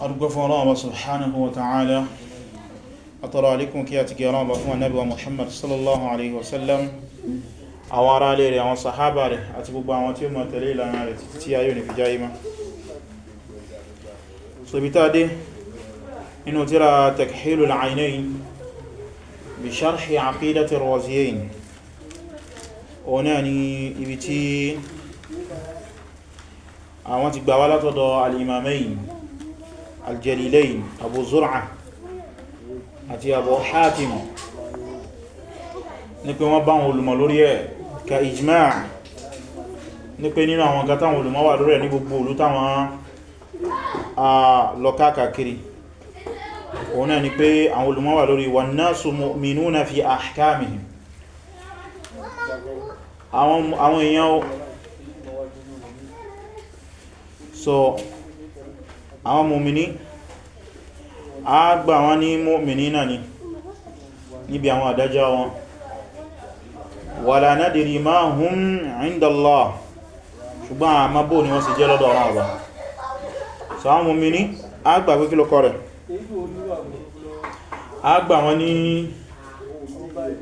adúgbẹ́ fún ọlọ́wọ́ bá subhanahu wa ta'ala àtọrọ alikun kí a ti gẹ̀rọ bá fún annabi wa muhammad sallallahu alaihi wasallam àwọn ará lè rẹ̀ àwọn sahaba rẹ̀ àti gbogbo àwọn tí ó mọ̀ tẹ̀lé ìlànà rẹ̀ títí tí ayò ní fìjá ima so dé inú tíra takhilu al-aynayn bí sharhi aqidati ti gbà الجليلين أبو زرعة أتي أبو حاتم nípe wọ́n bá wọn olùmọ̀ lórí ẹ̀ ka ijma' nípe nínú àwọn ǹkan táwọn olùmọ̀ wà lórí ẹ̀ ní gbogbo olú táwọn a lọ́ká kàkiri òun náà ni pé àwọn olùmọ̀ wà lórí wan nasu mu'minuna fi ahkamihim àwọn èèyàn so àwọn mọ̀mìnì a gbà wọn ní mọ̀mìnì náà ni níbi àwọn àdájọ́ wọn wala nadiri ma hum inda Allah ṣùgbọ́n a ma bó ni wọ́n sì jẹ́ lọ́dọ̀ ọ̀rọ̀ ọ̀bá so àwọn mọ̀mìnì a gbà pé kílọkọ rẹ̀ a gbà wọn ní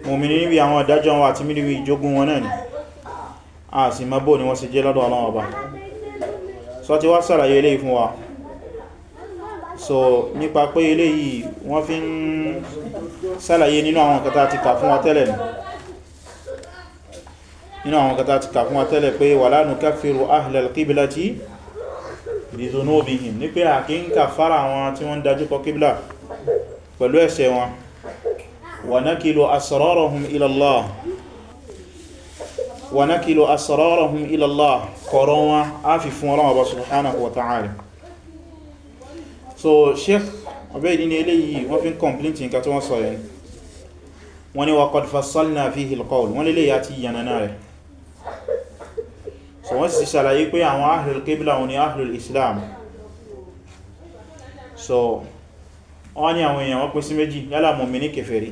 mọ̀mìnì níbi àwọn àdájọ́ wọn àti mílíwí so nípa pé eléyìí wọ́n fi ń ṣàlàyé nínú àwọn nǹkan tá ti kà fún wa tẹ́lẹ̀ nínú àwọn nǹkan tá ti kà fún wa tẹ́lẹ̀ pé wala nukaffiru ahlal qiblati bi dhunubihim ní pé àkíńkà fara àwọn tí wọ́n dájú kọ kíbílà pẹ̀lú ẹ̀ṣẹ̀ wọn wa nakilu asrarahum ila Allah kọ̀rọ̀ wọn á fi fún Ọlọ́run subhanahu wa ta'ala so sheikh ọbẹ̀ ní eléyìí wọ́n fi ń kọ̀mplíntì nǹkan tí wọ́n sọ yẹn wọ́n ní wa qad fassalna fihi al-qawl wọ́n lè yà ti yànàná so wọ́n sì ṣàlàyé pé àwọn ahlul qibla wọn ni ahlul islam so wọ́n ní àwọn èèyàn wọ́n pín sí méjì yálà mùmínì kèfèrí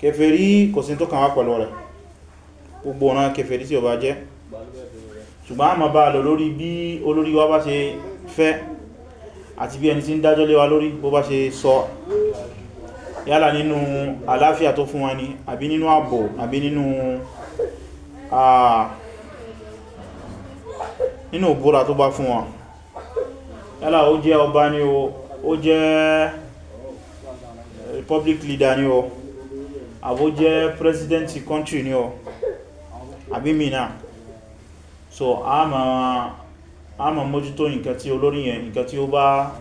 kèfèrí kò sí tó kàn wá pẹ̀lú rẹ̀ gbogbo ọ̀nà kèfèrí tí ó bá jẹ́ ṣùgbọ́n a máa bá lọ lórí bí olórí bá ṣe fẹ́ àti bí ẹni tí ń dájọ́ lé wa lórí bó bá ṣe sọ yálà nínú àlàáfíà tó fún wa ní àbí nínú ààbò àbí nínú nínú òbúra tó bá fún wa yálà ó jẹ́ ọba ní o ó jẹ́ republic leader ní o àbó jẹ́ president country ní o àbí mìíràn so a máa a ma mójútó nǹkan tí olórí yẹn nǹkan tí ó bá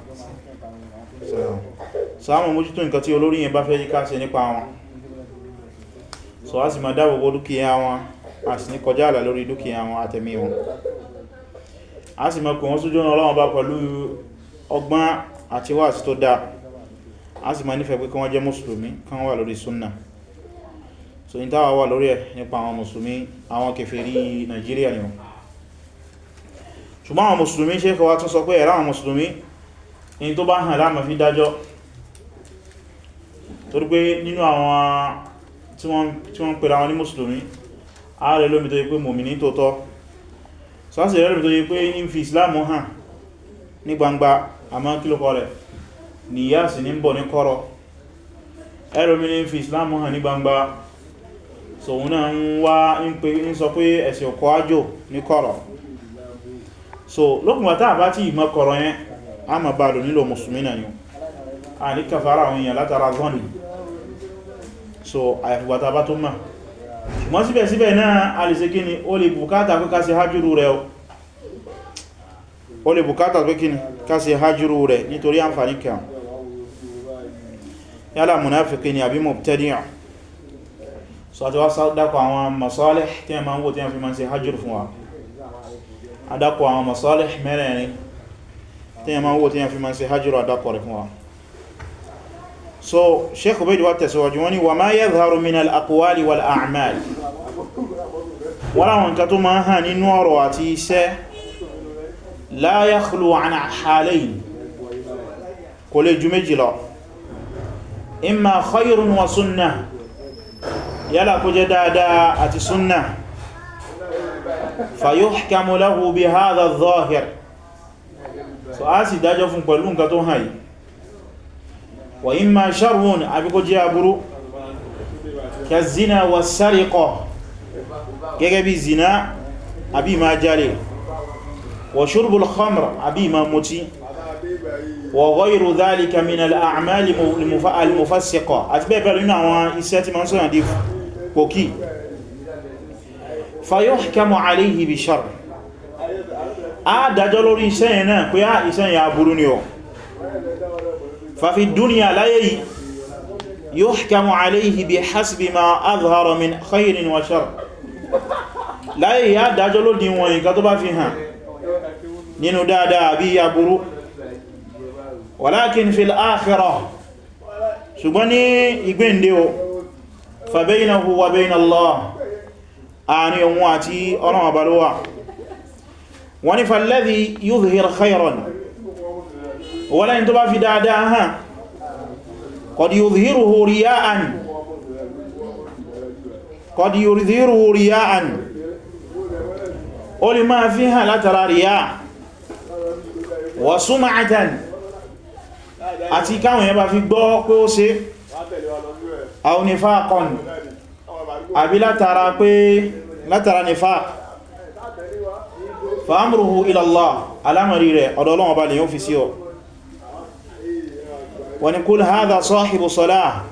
so a ma mójútó nǹkan tí olórí yẹn bá fẹ́ yíká ṣe nípa wọn so a sì ma dáàbòbò dúkìá wọn a sì ní kọjá àlà lórí dúkìá wọn àtẹ̀mí wọn a sì ma kò wọ́n sójú Ọlọ́run bá pẹ̀lú ọgbọ́n àti wáàsí tó dáa a sì ma nífẹ̀ẹ́ pé kí wọ́n jẹ́ mùsùlùmí kan wà lórí súnnà so in táwà wà lórí ẹ̀ nípa àwọn mùsùlùmí àwọn kèfèrí Nàìjíríà ni wọn ṣùgbọ́n àwọn mùsùlùmí ṣéèkì wa tún sọ pé ẹ̀rá àwọn mùsùlùmí ní tó bá hàn láàmà fi dájọ́ torí pé nínú àwọn tí wọ́n ń pèrà wọn ní mùsùlùmí ààrẹ lómi tó yí pé mòmìnì tótọ́ sọ́sì rẹ̀ lómi tó yí pé ní fi islamu hàn ní gbangba àmá kílòkọ rẹ̀ níyà sí ní bọ̀ ní kọ́rọ̀ ẹlòmí ní fi islamu hàn ní gbangba sòun náà so lókùnwà tàà bá tí ìmọ̀ kọ̀rọ̀ yẹn a ma bá lò nílò musulmi náà yóò a ní kàfàrà àwọn èèyàn látara zọ́nì so àyàfùgbàta bá tó mọ̀ ṣùgbọ́n síbẹ̀síbẹ̀ náà a lè ṣe kíni ó lè bùkátà pé ká ṣe hajjúrú rẹ̀ ó lè bùkátà pé kíni ká hajjúrú rẹ̀ nítorí àǹfàní kan yálà munafiki ni àbí mubtadi'a so àti wá dákọ̀ àwọn masalih tí a máa ń wò tí a fi máa ń ṣe hajjúrú fún wa adakọ̀ àwọn masalih mẹ́rẹ̀ẹ̀rin tí yẹn máa wó tí yẹn fi máa ṣe hajjúrò adakọ̀ rẹ̀ fún wa so sheikh obeid wa tẹ̀síwájú wọ́n ni wa ma yadharu min al-aqwali wal a'mal wọ́n àwọn nǹkan tó máa hàn nínú ọ̀rọ̀ àti iṣẹ́ la yakhlu an halayn kò lè ju méjì lọ imma khayrun wa sunnah yálà kó jẹ́ dáadáa àti sunnah fayuhkamu lahu bi hadha adh-dhahir so a sì dájọ́ fún pẹ̀lú nǹkan tó hàn yìí wa imma sharrun àbíkó jẹ́ aburú ka zina wa sariqa gẹ́gẹ́ bí zina àbí ma jalè wa shurbul khamr àbí ma mutí wa ghayru dhalika min al-a'mal àti bẹ́ẹ̀ bẹ́ẹ̀ nínú àwọn iṣẹ́ tí ma ń sọ́nà fayuhkamu alayhi bi sharr a dájọ́ lórí iṣẹ́ yẹn náà pé á iṣẹ́ yẹn aburú ni ọ fàfi dúnìyà láyé yìí yuhkamu alayhi bi hasbi ma azhara min khayrin wa sharr láyé yìí á dájọ́ lórí wọn nǹkan tó bá fi hàn nínú dáadáa bí aburú walakin fil akhirah ṣùgbọ́n ní ìgbéǹde o fa baynahu wa bayna àárín ohun àti ọlọ́wọ̀n bá ló wà wọ́n ni falladhi yudhhir khayran wọ́n lẹ́yìn tó bá fi dáadáa hàn qad yudhhiruhu riya'an qad yudhhiruhu riya'an ó lè máa fi hàn látara ríyá wa sum'atan àti káwọn yẹn bá fi gbọ́ pé ó ṣe aw nifaqan àbí látara pé látara nifaq fa amruhu ila Allah alámàrí rẹ̀ ọ̀dọ̀ Ọlọ́run Ọba lèyàn fi sí ọ wa ni kul hadha sahibu salah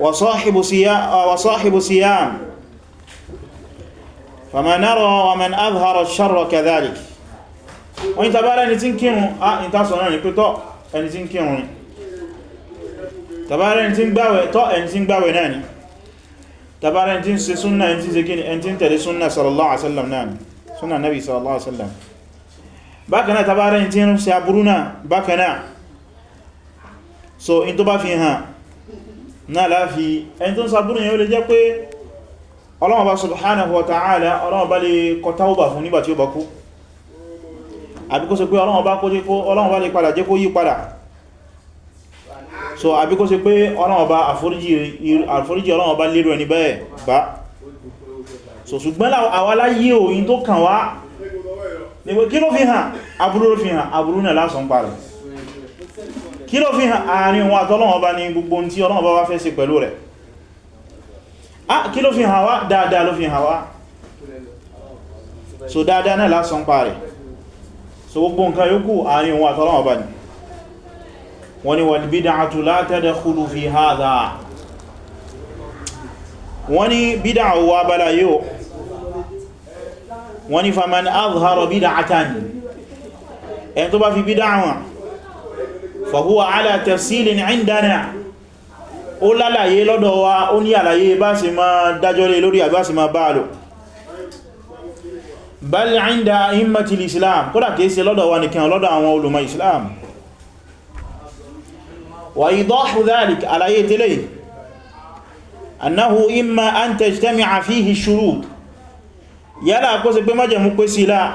wa sahibu siyam wa sahibu siyam fama nara wa man azhara ash-sharra kadhalik wọ́n ta bára ẹni tí ń kírun a ní tásọ náà ní pé tọ́ ẹni tí ń kírun ní tàbára ẹni tí ń gbàwẹ̀ tọ́ ẹni tí ń gbàwẹ̀ náà ni tàbára ẹni tí ń ṣe súnnà ẹni tí ń ṣe gíní ẹni tí ń tẹ̀lé súnnà sallallahu alaihi wasallam náà súnnà nabi sallallahu alaihi so in tó bá fi hàn náà láàfi ẹni tó ń sàbúrú yẹn ó lè jẹ́ pé ọlọ́mọba subhanahu wa ta'ala ọlọ́mọba lè kọ tawba fún nígbà tí ó bá kú àbíkó sọ so àbí kó ṣe pé ọlọ́ọ̀bá àforíjì ọlọ́ọ̀bá lérò ẹni bẹ́ẹ̀ bá so ṣùgbọ́n àwa láyé òyìn tó kàn wá ní pé kí ló fi hàn aburú ló fi hàn aburú náà lásán parẹ̀ kí ló fi hàn àárín wọn àtọ́lọ́ọ̀bá ní gbogbo tí ọlọ́ọ̀bá wá fẹ́ ah kí ló fi hàn wá dáadáa ló so dáadáa náà lásán parẹ̀ so gbogbo nǹkan yókù àárín wọn wọ́n ni walbid'atu la tadkhulu fi hadha wọ́n ni bídá wa bala yóò wọ́n ni faman azhara bid'atan ẹni tó bá fi bídá wọn fa huwa ala tafsilin indana ó lálàyé lọ́dọ̀ wa ó ní àlàyé bá sì máa dájọ́ lé lórí àbá sì máa bá lò bal inda immatil islam kódà kìí ṣe lọ́dọ̀ wa nìkan lọ́dọ̀ àwọn olùmọ̀ islam وإيضاح ذلك على يتلي أنه إما أن تجتمع فيه الشروط يلا قوسك بمجة مقسلا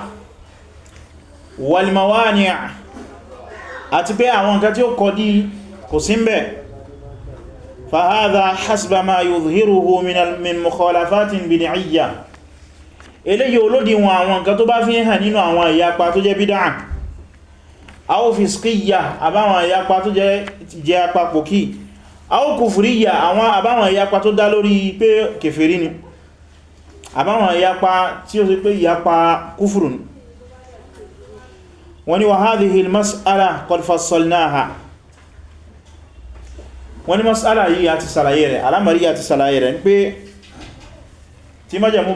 والموانع أتبع وانكتي قدي قسمب فهذا حسب ما يظهره من من مخالفات بدعية إليه يولد وانكتبا فيها نينو وان يقبع تجي بدعا aw fiskiyya àbáwọn ìyapa tó jẹ́ apapò kí aw kufriyya àwọn àbáwọn ìyapa tó dá lórí pé kèfèrí ni àbáwọn ìyapa tí ó sì pé ìyapa kúfùrù ni wọ́n ni wa hadhihi al-mas'ala qad fassalnaha wọ́n ni mas'ala yìí àti sàlàyé rẹ̀ alamari àti sàlàyé rẹ̀ ń pé tí májẹ̀mú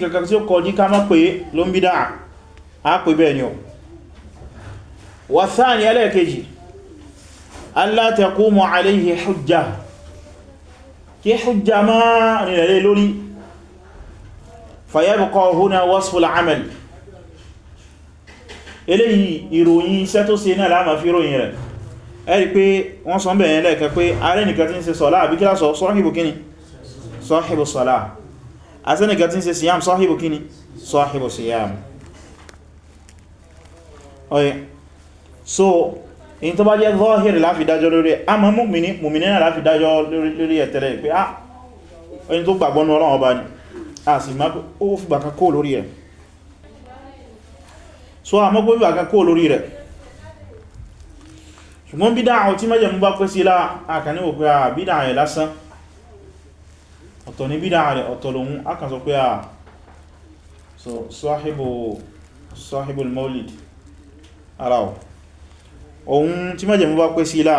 kankan tí ó kọjí ká mọ́ pé ló ń bídáà a pè bẹ́ẹ̀ ni o wàtsáàni ẹlẹ́ẹ̀kejì alla taqumu alayhi hujja kí hujja máa rìnrẹ̀ lórí fayabqa huna wasful amal eléyìí ìròyìn iṣẹ́ tó ṣe náà láàmà fi ròyìn rẹ̀ ẹ̀rí pé wọ́n sọ bẹ̀rẹ̀ lẹ́ẹ̀kẹ́ pé ààrẹ nìkan tí ń ṣe sọ́lá àbí kílá sọ́hìbù kíni sọ́hìbù sọ́lá àti nìkan tí ń ṣe siyam sọ́hìbù kíni sọ́hìbù siyam ọ̀yẹ́ so in tó bá jẹ́ zọ́hìrì láfi dájọ́ lórí a ma mùmìnì mùmìnì náà láfi dájọ́ lórí ẹ̀tẹ̀lẹ̀ pé a ah, ẹni tó gbàgbọ́ ní Ọlọ́run ọba ni a sì má pé ó fi gbàkan kó lórí rẹ̀ so a mọ́ pé fi gbàkan kó lórí rẹ̀ ṣùgbọ́n bídá àwọn tí mẹ́jẹ̀ mú bá pẹ́ sí láà àkàní òpé a ah, bídá rẹ̀ lásán ọ̀tọ̀ ní bídá ah, so sahibu sahibul maulid ara ọ̀ ohun tí mẹ́jẹ̀mú bá pé sí ilá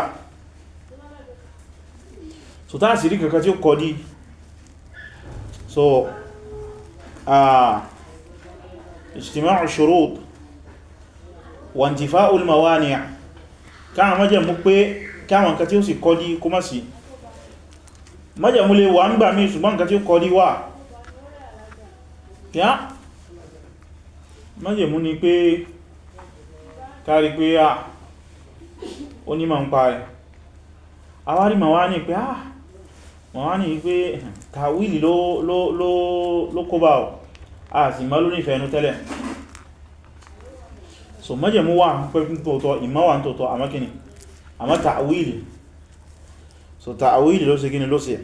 so tá sì rí kankan tí ó kọ dí so ijtima'u shurut wa intifa'ul mawani' káwọn mẹ́jẹ̀mú pé káwọn nǹkan tí ó sì kọ dí kó má sí mẹ́jẹ̀mú lè wà ń gbà mí ṣùgbọ́n nǹkan tí ó kọ dí wà yá mẹ́jẹ̀mú ni pé kárí pé à ah, onímọ̀ ń pa rẹ̀ awárí ma wá ní pé à ah, ma wá ní pé tàwílì ló kó bá ọ̀ a sì má lórí ìfẹ́ ẹnu tẹ́lẹ̀ so mọ́jẹ̀mú wà pẹ́kún tóòtọ́ ìmọ́wà tóòtọ́ àmọ́kíní àmọ́ tàwílì so tàwílì ló ṣe gíní ló ṣe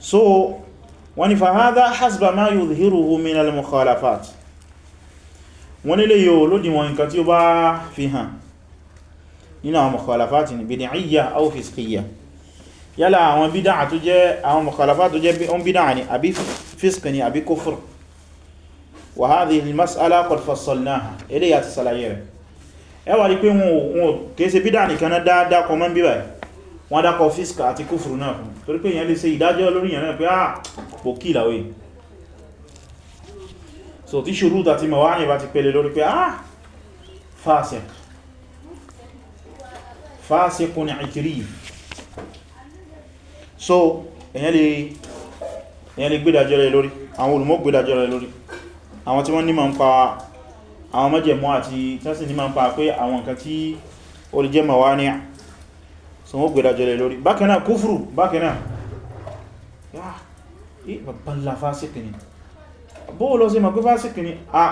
so wani fahada hasba ma yudhiruhu min al-mukhalafat wọ́n nílé yóò lódíwọ̀n nǹkan tí ó bá fi hàn nínú àwọn mukhalafati ní bid'iyya aw fiskiyya yálà àwọn bídá tó jẹ́ àwọn mukhalafati tó jẹ́ on bídá ni àbí fisk ni àbí kufur wa hadhihi al-mas'ala qad so tí ṣùrú àti mawani bá ti pẹ̀lẹ̀ lórí pé ah fásik fásikun i'tirif so èyàn lè gbídàjọ́ rẹ̀ lórí àwọn olùmọ̀ gbídàjọ́ rẹ̀ lórí àwọn tí wọ́n ní ma ń pa àwọn mẹ́jẹ̀mọ́ àti tẹ́sì ní ma ń pa pé àwọn nǹkan tí ó lè jẹ́ mawani so wọ́n gbídàjọ́ rẹ̀ lórí bákanáà kúfùrù bákanáà yá bóò lọ sí ma pé fásíkì ní a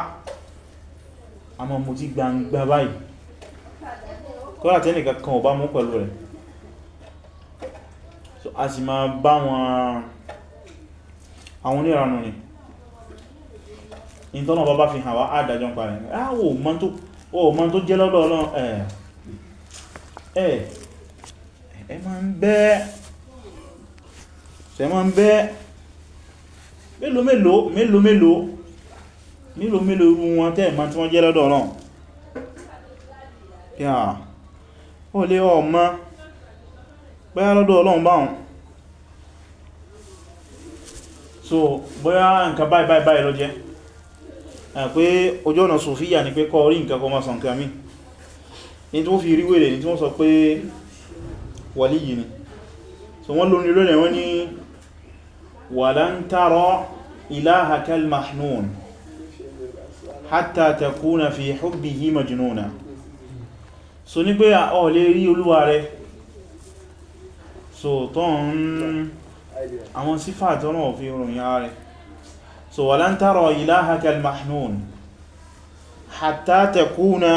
àmọ́ mo ti gbangba báyìí kọ́lá tẹ́ nìkan kan ọba mú pẹ̀lú rẹ̀ so a sì máa bá wọn àwọn oníranù ni ìtọ́nà bàbá fi hàn wá àdájọ́ ń parẹ̀ àwọ̀ ọmọ tó jẹ́ lọ́dọ̀ ọlọ́run ẹ̀ ẹ̀ ẹ̀ mélòó mélòó mélòó mélòó mélòó mélòó rú wọn tẹ́ ìmá tí wọ́n jẹ́ lọ́dọ̀ náà yà ó lé ọmọ bóyá lọ́dọ̀ Ọlọ́run báhùn so bóyá nǹkan báyìí báyìí báyìí ló jẹ́ pé ojú ọ̀nà sofia ni pé kọ́ orí nǹkan kọ́ máa sọ nǹkan mi ní tí wọ́n fi ríwèrè ní tí wọ́n sọ pé wàlíyìí ni so wọ́n lórí lórí wọ́n ní ولن ترى إلهك المحنون حتى تكون في حبه مجنونا so ní pé ó lè rí olúwa rẹ̀ so tọ́n àwọn sífà tọ́nà fi ròyìn ara rẹ̀ so walan tara ilahaka al-mahnun hatta takuna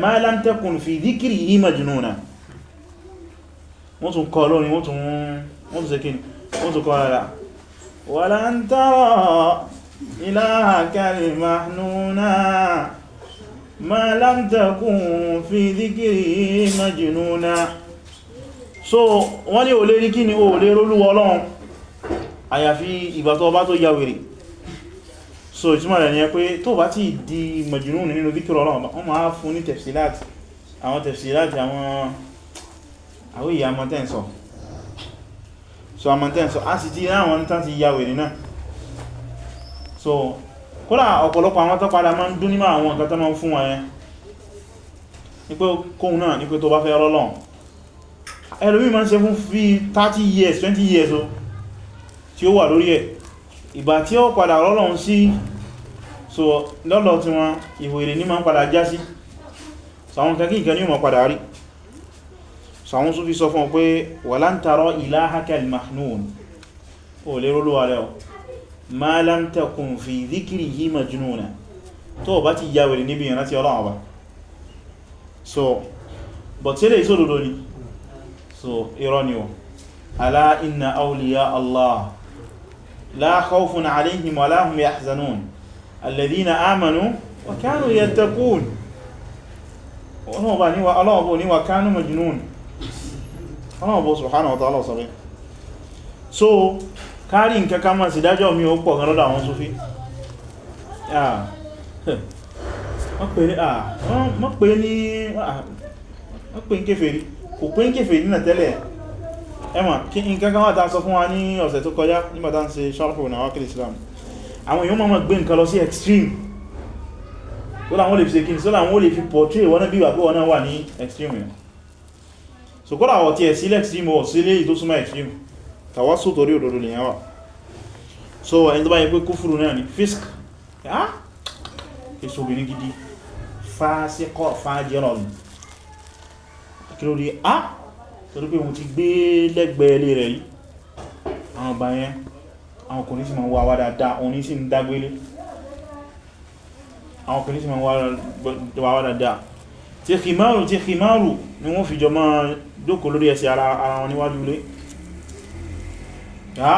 ma lam takun fi dhikrihi majnuna wọ́n tún kọ́ lórí wọ́n tún wọ́n tún sẹ́kìnì قلت قال لا ولن ترى إلهك المحنونا ما لم تكن في ذكري مجنونا so wọ́n ní olè ní kí ni o lè rólú ọlọ́run àyàfi ìgbà tó bá tó ya wèrè so ìtumọ̀ rẹ̀ ní pé tó bá ti di majnun nínú dhikr ọlọ́run wọ́n máa fún ní tafsilat àwọn tafsilat àwọn àwíyà mọ́tẹ́ǹsọ̀ so amantan so a sì ti ráwọn tán ti ya wèrè náà so kódà ọ̀pọ̀lọpọ̀ àwọn tó padà máa ń dún nima àwọn nǹkan tó máa ń fún wọn yẹn ní pé kóhun náà ní pé tó bá fẹ́ rọ́lọ́n ẹlòmí máa ń ṣe fi 30 years 20 years o tí ó wà lórí ẹ̀ ìgbà tí ó padà rọ́lọ́n sí so lọ́lọ́ tí wọn ìwèrè ní máa ń padà já sí so àwọn kankan ìkan ní o máa padà rí so àwọn Sufi sọ fún ọ pé walan tara ilahaka al-mahnun o lè rólúwà rẹ̀ ma lam takun fi dhikrihi majnuna tó bá ti yà wèrè níbi ìrántí Ọlọ́run Ọba so but tí lè iso dodo ni so irọ́ ni o ala inna awliya Allah la khawfun alayhim wa la hum amanu wa kanu yattaqun Ọlọ́run Ọba ni wa kanu majnun ọlọ́run bó subhanahu wa ta'ala so kárí nǹkan ká máa sì dájọ́ mi ó pọ̀ gan lọ́dọ̀ àwọn Sufi wọ́n pè ní kéfèrí kò pè ní kéfèrí náà tẹ́lẹ̀ ẹmà kí nǹkan ká wà ta sọ fún wa ní ọ̀sẹ̀ Islam àwọn èèyàn máa gbé extreme tó láwọn lè fi ṣe kí ní tó láwọn lè fi portray wọ́n náà bí wà pé wọ́n náà wà ní extreme yẹn so kódà wọ́n ti ẹ̀ sílẹ̀ extreme wọ́n sílẹ̀ ìtó súnmọ́ extreme tàwásù torí òdòdó lè yẹnwà so ẹni tó bá yẹ pé kúfùrù náà ni fisk ah èso obìnrin gidi fásikọ́ fájẹ́rọ̀ ni kí ló rí ah torí pé mo ti gbé lẹ́gbẹ̀ẹ́ ilé rẹ̀ rí àwọn ọba yẹn àwọn ọkùnrin sì máa ń wá wá dáadáa òní sì ń dágbélé àwọn ọkùnrin sì máa ń wá wá dáadáa tí kìmáàrù tí kìmáàrù ni wọ́n fi jọ máa jókòó lórí ẹsẹ̀ ara wọn níwájú ilé yá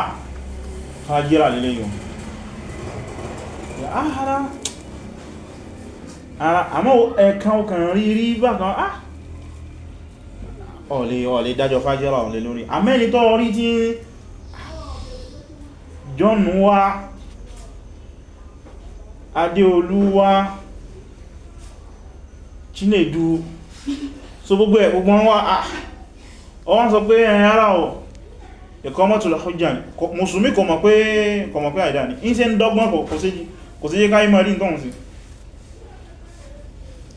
hajjira lílé yóò yá ah, ara ara àmọ́ ẹ̀kan ọkàn rí rí bákan á ah. ọ̀lẹ́ ọ̀lẹ́ dájọ́ fájẹ́ra ọ̀lẹ́ lórí àmẹ́ni tó rí tí John wá Adéolú wá Chinedu so gbogbo ẹ̀ gbogbo wọn wá ah wọ́n sọ pé ẹ̀yìn ara ọ̀ iqamatul hujja musulmi kò mọ̀ pé àìdá ní in se ń dọ́gbọ́n kò sí jẹ́ káyí mọ̀ rí nǹkan sí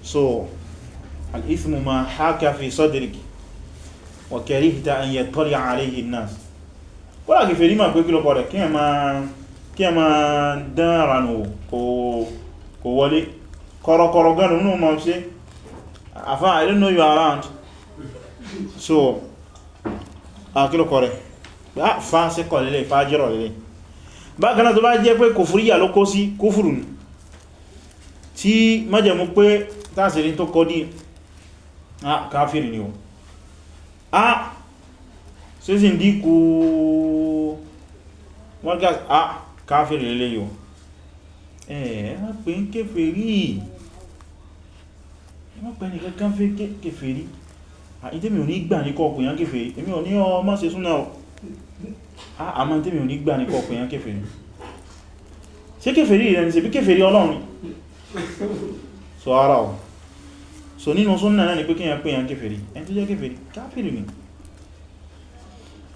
so al-ithmu ma haka fi sadriki wa karihta an yattali'a alayhi an-nas kọ́lá kìfẹ́ rí ma pé kí lọ́pọ̀ rẹ̀ kí ẹ ma dán nù kò wọlé kọ̀rọ̀kọ̀rọ̀ gánà ma ṣe àfáà so àkílùkọ ah, rẹ̀ ah, fa sí kọ̀ lélẹ̀ fàájírọ̀ lélẹ̀ bákanáà tó bá jẹ́ pé kòfúríyà ló kó sí kúfùrù tí májẹ̀mú pé tásìrí tó kọ́ dí a ah, káfírì ni o a sísì ń díkù wọ́n gá a káfírì lélẹ̀ yóò ẹ̀ẹ́ wọ́n pè ń kéfèrí wọ́n pè ní kankan fẹ́ kéfèrí Ah, ìtẹ́mi ò ní gbà ní kọkùn yán kèfèrí èmi ò ní ọ oh, má ṣe súnà ọ ah, àmá ìtẹ́mi ò ní gbà ní kọkùn yán kèfèrí ṣe kèfèrí rẹ̀ ní ṣe bí kèfèrí ọlọ́run so ara ọ so nínú súnà náà ni pé kíyàn pé yán kèfèrí ẹni tó jẹ́ kèfèrí káfìrì ni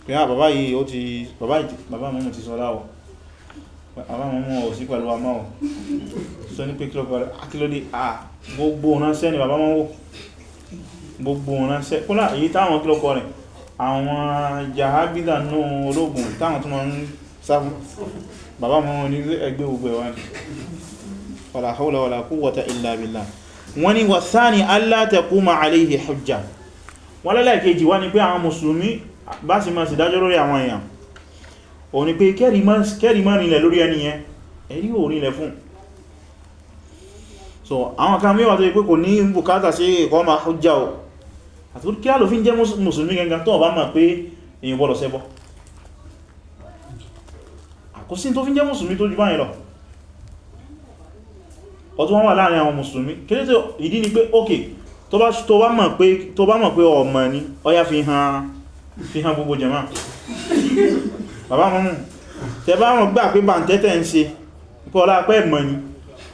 pé á ah, bàbá yìí ó ti bàbá mọ́mù ti sọ́lá ọ bàbá mọ́mù ọ̀ sí pẹ̀lú amá ọ so ní pé kílódé à gbogbo ọ̀nà sẹ́ni bàbá mọ́mù gbogbo ránṣẹ́ kólà èyí táwọn kílọ́kọ́ rẹ̀ àwọn jahabida náà ológun táwọn tó máa ń sáfún bàbá mọ́ ní ẹgbẹ́ ogbẹ̀ wá ní wala hawla wala quwwata illa billah wọ́n ni wà sáàni alla taquma alayhi hujja wọ́n lẹ́lẹ́kejì wá ní pé àwọn mùsùlùmí bá sì máa sì dájọ́ lórí àwọn èèyàn ò ní pé kẹ́rì máa nílẹ̀ lórí ẹni yẹn ẹ̀rí ò nílẹ̀ fún so àwọn kan mẹ́wàá tó yẹ pé kò ní bùkátà sí ìkọ́mà hujja o àti kí á lò fi ń jẹ́ mùsùlùmí gangan tó ọba máa pé èyàn bọ́lọ̀ sẹ́bọ́ àkósí tó fi ń jẹ́ mùsùlùmí tó jù báyìí lọ ọdún wọ́n wà láàrin àwọn mùsùlùmí kéré tó ìdí ni pé ókè tó bá mọ̀ pé ọmọ ní ọya fi hàn gbogbo jẹ̀má bàbá mọ́mù tẹ bá mọ̀ gbà pé bàǹtẹ́tẹ̀ ń ṣe pé ọlá pẹ́ mọ̀ ni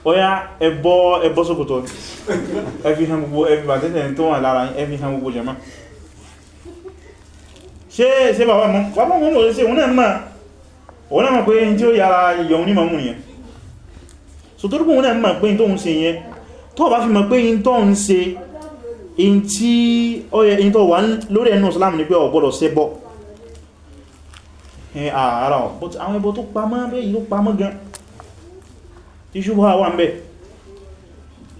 ọya ẹbọ́ ẹbọ́ sókòtò ẹfi hàn gbogbo ẹfi bàtẹ́sẹ̀ tó wà lára ẹfi hàn gbogbo jẹma ṣe ṣe bàbá mọ́ bàbá mọ́ mọ́ ṣe wọ́n náà wọ́n náà pé tí ó yára yọun ní mọ̀mú yẹn so tó rúgbùn náà mọ̀ pé tó ń ṣe yẹn tó bá fi mọ̀ pé tó ń ṣe in tí ó yẹ in tó wà lórí ẹnu Islam ni pé ó gbọ́dọ̀ ṣe bọ́ ààrà ọ̀ but tí ṣubá wà ń bẹ̀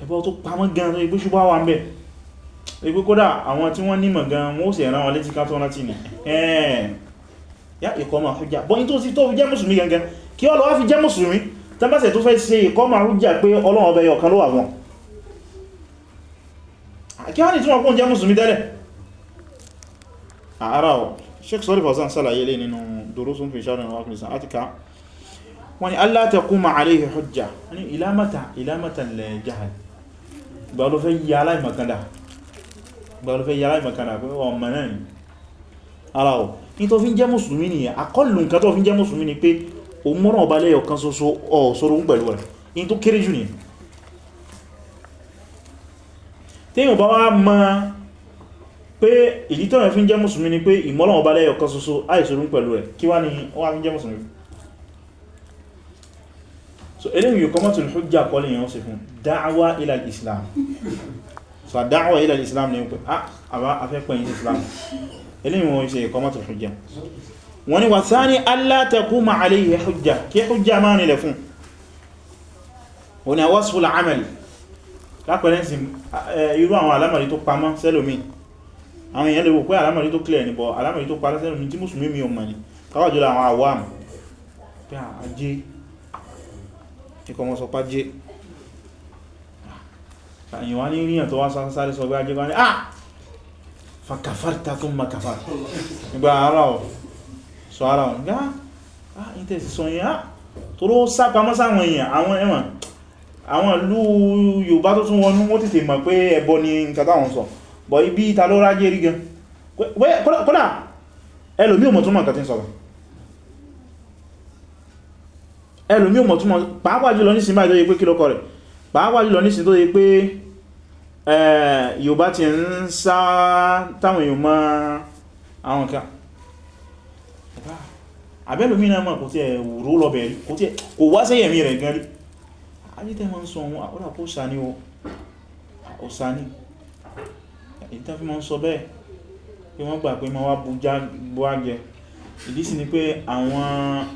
ẹbọ tó pamọ́ gan tó igbó ṣubá wà ń bẹ̀ igbó kódà àwọn tí wọ́n nímọ̀ gan wọ́n ó sì ẹ̀rán wọn létí ká tó rántí ni ẹ̀ẹ́n yá ìkọ́ ma hujja bọ́ in tó sì tó fi jẹ́ mùsùlùmí gangan kí ọlọ́ wá fi jẹ́ mùsùlùmí tẹ́bàṣẹ̀ tó fẹ́ ṣe ìkọ́ ma hujja pé Ọlọ́run ọbẹ̀ yọ̀kan ló wà wọn kí wọ́n ni túnmọ̀ pún jẹ́ mùsùlùmí tẹ́lẹ̀ àárá ọ̀ Sheikh Sọ́lífọ̀sán sálàyé lè nínú dòrósùn fi ṣàrùn ìwákùnrin àti ká wọ́n ni allá taquma alayhi hujja ní ila mata ila mata al-jahl gbà ló fẹ́ yí aláìmọ̀kànlá gbà ló fẹ́ yí aláìmọ̀kànlá pé wọ́n mọ̀ náà ni ara ọ̀ ní tó fi ń jẹ́ mùsùlùmí ni àkọlù nǹkan tó fi ń jẹ́ mùsùlùmí ni pé o mọ́ràn ọba lẹ́yọ̀ kan ṣoṣo ọ̀ṣọ́rọ̀ ń pẹ̀lú rẹ̀ in tó kéré jù ní téèyàn bá wá mọ̀ pé ìdí tó fi ń ni pé ìmọ́ràn ọba lẹ́yọ̀ kan ṣoṣo àìṣọ́rọ̀ ń pẹ̀lú rẹ̀ kí wá ni wọ́n fi ń jẹ́ so eléyìí yuqamatul hujja kọ́lé yẹn ṣe fún da'wa ila islam so a da'wa ila al-islam ní pé ah, a fẹ́ pẹ̀yìn sí islam eléyìí wọ́n ṣe yuqamatul hujja wọ́n ni wa thani alla taquma alayhi hujja kí hujja máa nílẹ̀ fún wọ́n ni wasful amal lápẹ̀lẹ́sì eh, eh, irú àwọn alámàrí tó pamọ́ sẹ́lòmí àwọn èèyàn lè wò pé alámàrí tó clear ní bọ̀ alámàrí tó pamọ́ sẹ́lòmí tí mùsùlùmí mi ò mọ̀ ní káwàjọ́lá àwọn àwọ̀ àmì pé ah, tí kọmọ sọ pàjẹ́ àyíwá ní ríyàn tó wá sáré sọ gbájẹ́ bá ní ah fakafarta thumma kafarta ìgbà ara ọ̀ sọ ara ọ̀ gá ah ìtẹ̀sì sọ yẹn ah tó ló sápamọ́ sáwọn èèyàn àwọn ẹ̀wọ̀n àwọn ìlú Yorùbá tó tún wọnú wọ́n tètè mọ̀ pé ẹbọ ni nǹkan táwọn sọ bọ̀ ibi ìta ló rájẹ́ rí gan kódà ẹlòmí ò tó mọ̀ nǹkan sọ̀rọ̀ ẹlòmí ò mọ̀ túnmọ̀ pàápàá jùlọ nísìn báyìí tó pé kí lọ́kọ̀ rẹ̀ pàápàá jùlọ nísìn tó yẹ pé Yorùbá ti ń sá táwọn èèyàn mọ́ àwọn kan àbẹ́lòmí náà mọ̀ kò tí ẹ̀ wùrú lọ bẹ̀rí kò wá sẹ́yẹ̀ mi rẹ̀ gan rí ajítẹ́ ma ń sọ ohun àkọ́lá kó sani o ọ̀sani ìta fi ma ń sọ bẹ́ẹ̀ pé wọ́n gbà pé ma wá bú jẹ́ ìdí sì ni pé àwọn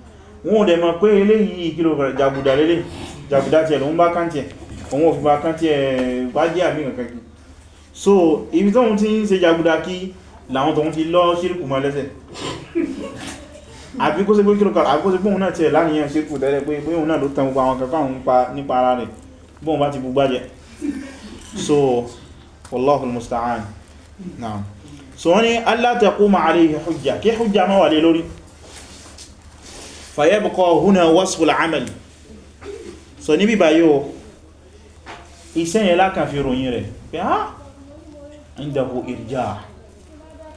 wọn ò dẹ̀ mọ̀ pé eléyìí kí ló jàgùdà lélé jàgùdà tí ẹ̀ ló ń bá kántí ẹ̀ òun ò fi bá kántí ẹ̀ bá jẹ́ àmì kankan kí so ibi tóhun ti ń ṣe jàgùdà kí làwọn tóhun ti lọ ṣírùkù mọ́ lẹ́sẹ̀ àbí kó ṣe pé kílùkà àbí kó ṣe pé òun náà tiẹ̀ láníyàn ṣírùkù tẹ́lẹ̀ pé pé òun náà ló tan bu gbájẹ so wallahu almusta'an na'am so wọ́n ni allah taquma alayhi hujja kí hujja ma wà lé lórí fàyẹ́bùkọ́ húnà wasful amal so níbi báyí o iṣẹ́ yẹn lákà fi ròyìn rẹ̀ pé ha indahu irja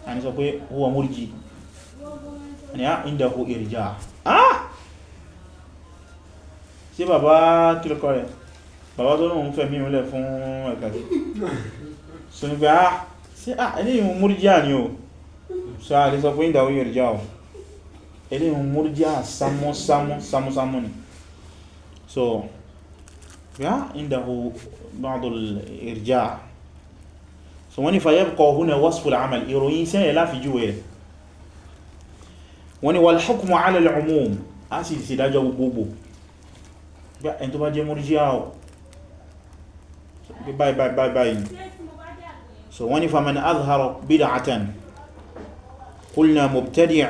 a ní sọ pé huwa murji ni ha indahu irja ha sí bàbá kílùkọ rẹ̀ bàbá tó lóun fẹ́ mímúlẹ̀ fún ẹ̀kàkì so ní pé ha sí ha ẹni eléyìn múrjíà samusamusamu ni so ya indahu ba'd al-irja' so wani fa yabqa huna wasf al-amal ìròyìn sẹ́yẹ láfi júwẹ̀ rẹ̀ wani wal hukmu ala al-umum a sì sì dájọ́ gbogbo bí ẹni tó bá jẹ́ múrjíà ọ̀ bye báyìí báyìí so wani fa man azhara bid'atan qulna mubtadi'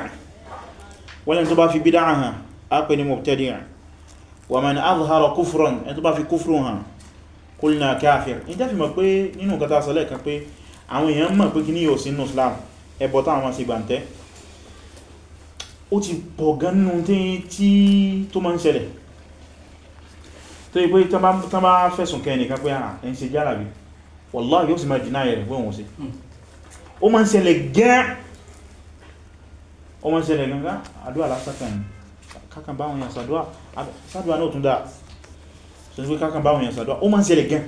wọ́n tó bá fi bídá hàn á pè ní mubtadi'an wa man azhara kufran ẹni tó bá fi kúfùrún hàn qulna kafir ní tẹ́fì mọ̀ pé nínú kata sọlẹ̀ kan pé àwọn èèyàn mọ̀ pé kí ní yóò sí nínú Islam ẹbọ táwọn ma ṣe gbàǹtẹ́ ó mọ́ ṣẹlẹ̀ gangan àdúwà lásàkàn kákan báwọn yàn sàdúwà sàdúwà náà tún dáa so ní pé kákan báwọn yàn sàdúwà ó mọ́ ṣẹlẹ̀ gan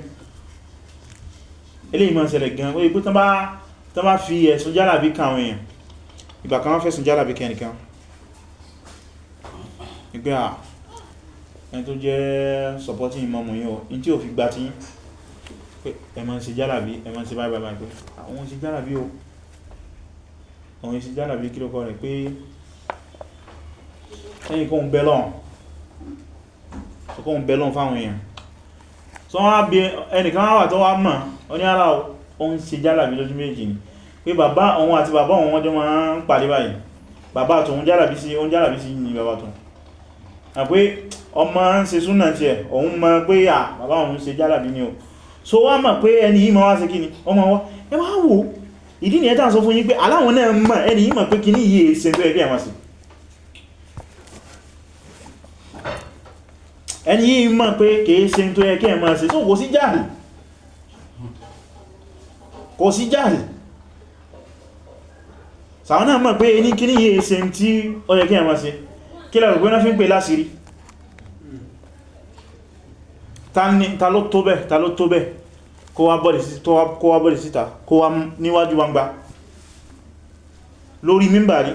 eléyìí mọ́ ṣẹlẹ̀ gan ó yí pé tán bá fi ẹ̀sùn jálàbí kan àwọn èèyàn ìgbà kan wọ́n fẹ́sùn jálàbí kẹnìkan ìgbé à ẹni tó jẹ́ supporting imamu yíò in tí ò fi gbá tí ẹ̀mọ́ ṣe jálàbí ẹ̀mọ́ ṣe báyìí báyìí pé àwọn ọ̀rọ̀ ìsì jálàbí kí lókọ rẹ̀ pé ẹ̀yìn kóhun bẹ́lọ̀n kóhun bẹ́lọ̀n fáwọn èèyàn so wọ́n bí ẹnìkan wà tó wá mọ̀ ọ ní ara òun ṣe jálàbí lójú méjì ni pé bàbá òun àti bàbá òun wọ́n jọ máa ń pàdé báyìí bàbá tóun jálàbí sí òun jálàbí sí ni bàbá tóun àpé ọmọ ń ṣe súnà tí ẹ̀ òun mọ̀ pé à bàbá òun ṣe jálàbí ni o so wọ́n mọ̀ pé ẹni yìí ma wá ṣe kí ni ọmọ wá ẹwà wò ìdí ni ẹta sọ fún yín pé aláwọn náà mọ̀ ẹni yí mọ̀ pé kí ní yìí ṣe tó ẹgbẹ́ àwọn sí ẹni yí mọ̀ pé kìí ṣe tó ẹgbẹ́ àwọn sí tó kò sí jáàlì kò sí jáàlì sàwọn náà mọ̀ pé ní kí ní yìí ṣe tí ó ẹgbẹ́ àwọn sí kí lẹ́rù pé fi ń pè láṣìírí ta ló tó bẹ́ẹ̀ ta ló tó bẹ́ẹ̀ kó wá bọ́lì síta kó wá níwájú gbangba lórí mímbàrí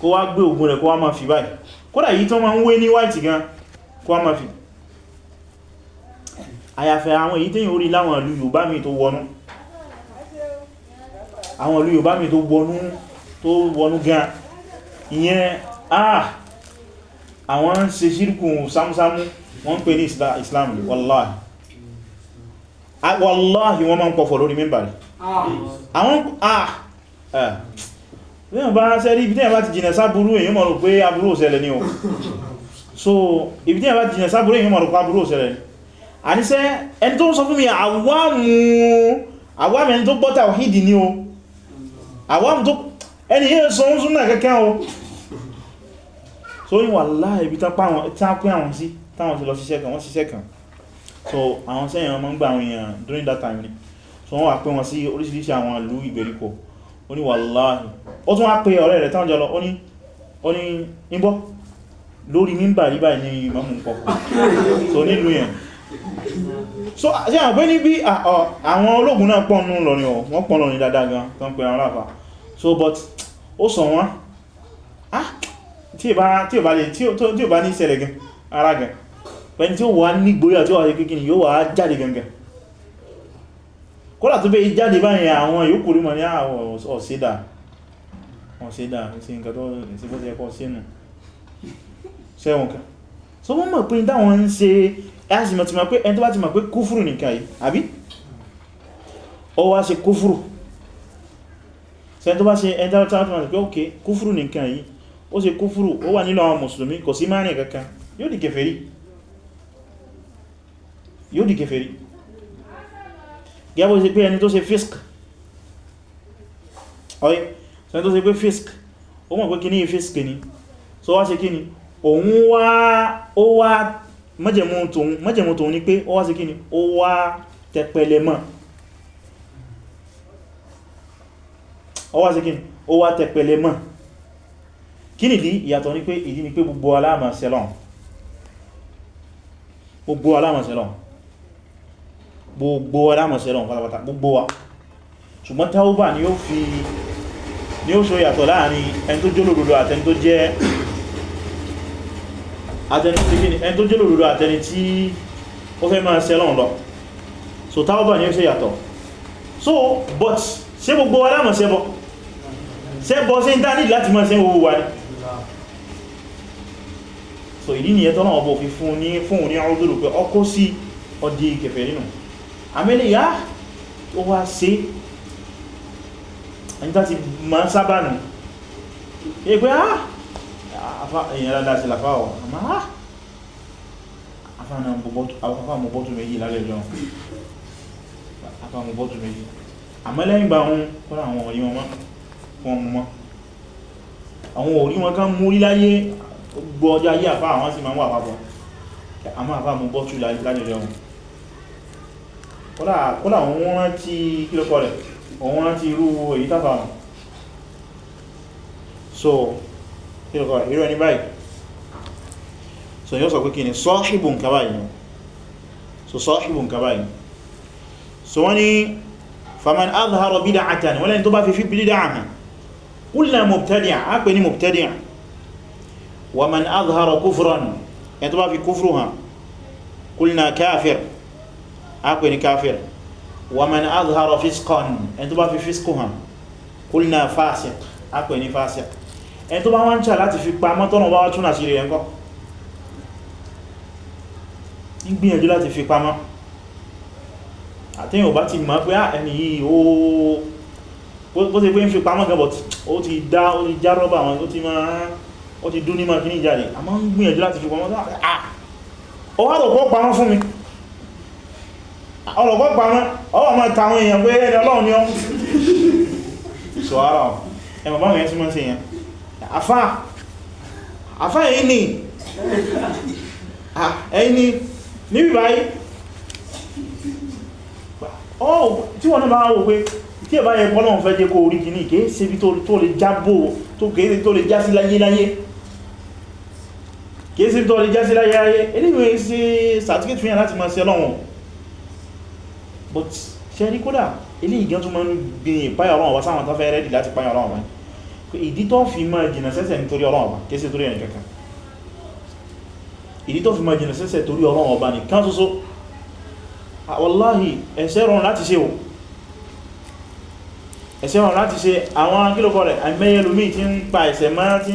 kó wá gbé ògùn rẹ̀ kó wá ma fi báyìí kódà yìí tó ma ń wé ní white gan kó wá ma fi àyàfẹ́ àwọn èyí tẹ́yìn orí láwọn ìlú Yorùbá mi tó wọnú àwọn ìlú Yorùbá mi tó wọnú gan ìyẹn ah àwọn ṣe ṣírkùn sámúsámú wọ́n pè ní Islam wallahi wallahi wọ́n máa ń pọ̀fọ̀ lórí mímbàrí ah. àwọn ah ẹ̀yàn eh. bá ránṣẹ́ rí ibi tẹ́yàn bá ti jìnà sáburú èyàn mọ̀ rò pé aburú òṣẹlẹ̀ ni o so ibi tẹ́yàn bá ti jìnà sáburú èyàn mọ̀ rò pé aburú òṣẹlẹ̀ ni àníṣẹ́ ẹni tó ń sọ fún mi àwámù àwámù ẹni tó gbọ́ta òhìdì ni o àwámù tó ẹni yẹ́ sọ ń súnmọ̀ kẹ́kẹ́ o so yíwà láà ibi tán pé àwọn sí táwọn ti lọ ṣiṣẹ́ kan wọ́n ṣiṣẹ́ kan so àwọn sẹ́yìn ọmọ ń gba àwọn èèyàn during that time ni so wọ́n wà pé wọn sí oríṣiríṣi àwọn ìlú ìgbèríko ó ní wàláhì ó tún wá pé ọ̀rẹ́ rẹ̀ táwọn jọlọ ó ní níbọ́ lórí mímbà rí báyìí ní ìmọ̀mù nǹkan so nílùú yẹn so ṣe àwọn pé ní bí àwọn ológun náà pọ̀ nù lọ́rin ọ̀ wọ́n pọ̀ lọ́rin dáadáa gan tán pé àwọn ráfà so but ó sọ wọ́n ah, tí ò bá ní ìṣẹ̀lẹ̀ gan ara gan pẹ̀lú tí ó wà ní gbóyà tí ó wà ní kíkí ni yóò wà jáde gangan kọ́lá tó bẹ́ jáde báyìí àwọn yóò kúrú mọ̀ ní ah, ọ̀sídà ọ̀sídà sí nǹkan tó sí sínú sẹ́wọ̀n kan so wọ́n mọ̀ pé dáwọn ń ṣe ẹ́sìmọ̀ ti mọ̀ pé ẹni tó bá ti mọ̀ pé kúfùrù nìkan yìí àbí ó wá ṣe kúfùrù sẹ́ni tó bá ṣe ẹni tó bá ti mọ̀ pé ókè kúfùrù nìkan yìí ó ṣe yóò di kèfèrí yóò di kèfèrí gẹ́gbọ́ sí pé ẹni tó ṣe fisk ọ̀yí ẹni tó ṣe pé fisk ó mọ̀ pé kí ní fisk ni so wá ṣe kí ni òun wá ó wá mọ́jẹ̀mú tòun ní pé ó wá ṣe kí ni ó wá tẹpẹlẹ mọ́ ó wá ṣe kí ni ó wá tẹpẹlẹ mọ́ kí nìdí ìyàtọ̀ ní pé ìdí ni pé gbogbo aláàmà sẹ́lọ̀n gbogbo alámọ̀sẹ̀lọ́n pátápátá gbogbo wa ṣùgbọ́n taubá ni ó fi ni ó ṣe yàtọ̀ láàrin ẹni tó jólòròdó àtẹni tó jẹ́ ẹni tó jólòròdó àtẹni tí ó fẹ́ máa sẹ́lọ́n lọ so taubá ni ó ṣe yàtọ̀ so but ṣe gbogbo alámọ̀sẹ́bọ̀ sẹ́bọ̀ sí ń dá ní láti máa sẹ́ owó wa ní so ìdí nìyẹn tọ́nà ọbọ̀ fi fún ní fún ní ọdúrù pé ọkọ́ sí ọdí kẹfẹ̀ nínú àmẹ́lẹ̀ yá ó wá sí ẹni tá ti ma ń sábà nù èyí pé ah, àfá èyàn dáadáa sí làfá ọ̀ àmá ah, àfá mọ̀ bọ́tù méjì lálẹ́ ìjọ àfá mọ̀ bọ́tù méjì àmẹ́lẹ́yìn bá wọn kọ́lá àwọn orí wọn mọ́ àwọn orí wọn kan mú rí láyé gbọ́ ọjọ́ ayé àfá àwọn sì máa ń wà papọ̀ àmá àfá mọ̀ bọ́tù lálẹ́ ìjọ kódà òun rántí kílọ́kọ́ rẹ̀ òun rántí irú èyí tàbà wọn so kílọ́kọ́ rẹ̀ irú ẹni báyìí so yóò sọ pé kí ni sọ́ṣìbù nǹkan báyìí so sọ́ṣìbù nǹkan báyìí so wọ́n ni faman azharo bid'atan wọ́n lẹ́ni tó bá fi fi bídá hàn kúlẹ̀ a pè ní káfíìr wa man azhara fisqan ẹni tó bá fi fisqu hàn kulna fasiq a pè ní fasiq ẹni tó bá wá ń jà láti fi pa mọ́tọ́nà bá wá tún àṣírí ẹ̀ńkọ́ ń gbìyànjú láti fi pamọ́ àtẹ́yìn ọba ti máa pé á ah, ẹni yìí ó ti pé ń fi pamọ́ gẹ́bọ̀ ó ti dá ó ti já rọ́bà wọn ó ti máa ó ti dún ní máa kí ní ìjáde àmọ́ ń gbìyànjú láti fi pamọ́ ah, ó wá rọ̀ pọ́ pamọ́ fún mi ọlọ́pọ̀ ọwọ́ ma tàwọn èèyàn pé ẹ̀rẹ̀ ọlọ́run ni ọ so ara ọ̀ ẹmọ̀ bá mẹ́rin tí mọ́ sí èèyàn àfá àfá èyí ni èyí ni níbi báyìí tí wọ́n náà bá pé tí ẹ̀bá yẹ pọ́lọ́run fẹ́ jẹ́ kó orí but ṣe rí kódà ilé ìgán tó máa ń gbin ìpáyà ọlọ́run wá sáwọn tán fẹ́ rẹ́dì láti páyà ọlọ́run wá ìdí tó fi máa jìnà sẹ́sẹ̀ nítorí ọlọ́run wá kéèsì torí ẹni kankan ìdí tó fi máa jìnà sẹ́sẹ̀ torí ọlọ́run ọba nìkan ṣoṣo ah, wallahi ẹ̀ṣẹ̀ rọrùn láti ṣe o ẹ̀ṣẹ̀ rọrùn láti ṣe àwọn akílòkọ rẹ̀ àmẹ́yẹlómi ti ń pa ẹ̀ṣẹ̀ máa ti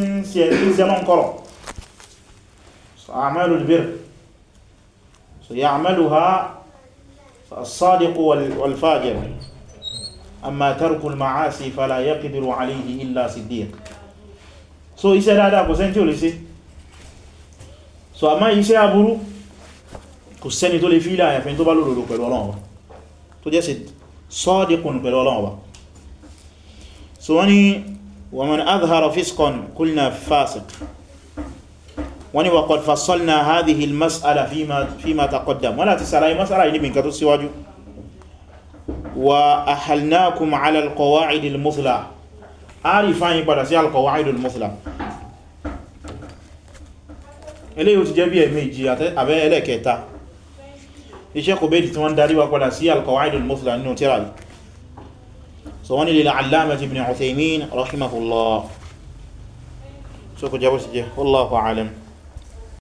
الصادق والفاجر أما ترك المعاصي فلا يقدر عليه إلا صديق so iṣẹ́ dáadáa kò sẹ́ni tí ó lè ṣe so àmá iṣẹ́ aburú kò sẹ́ni tó lè fílẹ̀ àyàfin tó bá lòdòdó pẹ̀lú Ọlọ́run Ọba tó jẹ́ sí sọ́díkùn pẹ̀lú Ọlọ́run Ọba so wọ́n wa man adhara fisqan kulna fasiq wọ́n ní waqad fassalna hadhihi al-mas'ala fi ma taqaddam wọ́n láti sàlàyé mas'ala yi níbi nǹkan tó síwájú wa ahalnakum ala al-qawa'id al-muthla a rí fáyín padà sí ele al-muthla eléyìí ti jẹ́ bí ẹ̀mẹ́jì àbẹ́ ele ẹlẹ́kẹta iṣẹ́ kò bẹ́ẹ̀dì tí wọ́n darí wa padà sí al-qawa'id al-muthla nínú tírà yìí so wani nile nílé al-allamah ibn Uthaymin rahimahullah so kò jabo si jẹ́ wallahu a'lam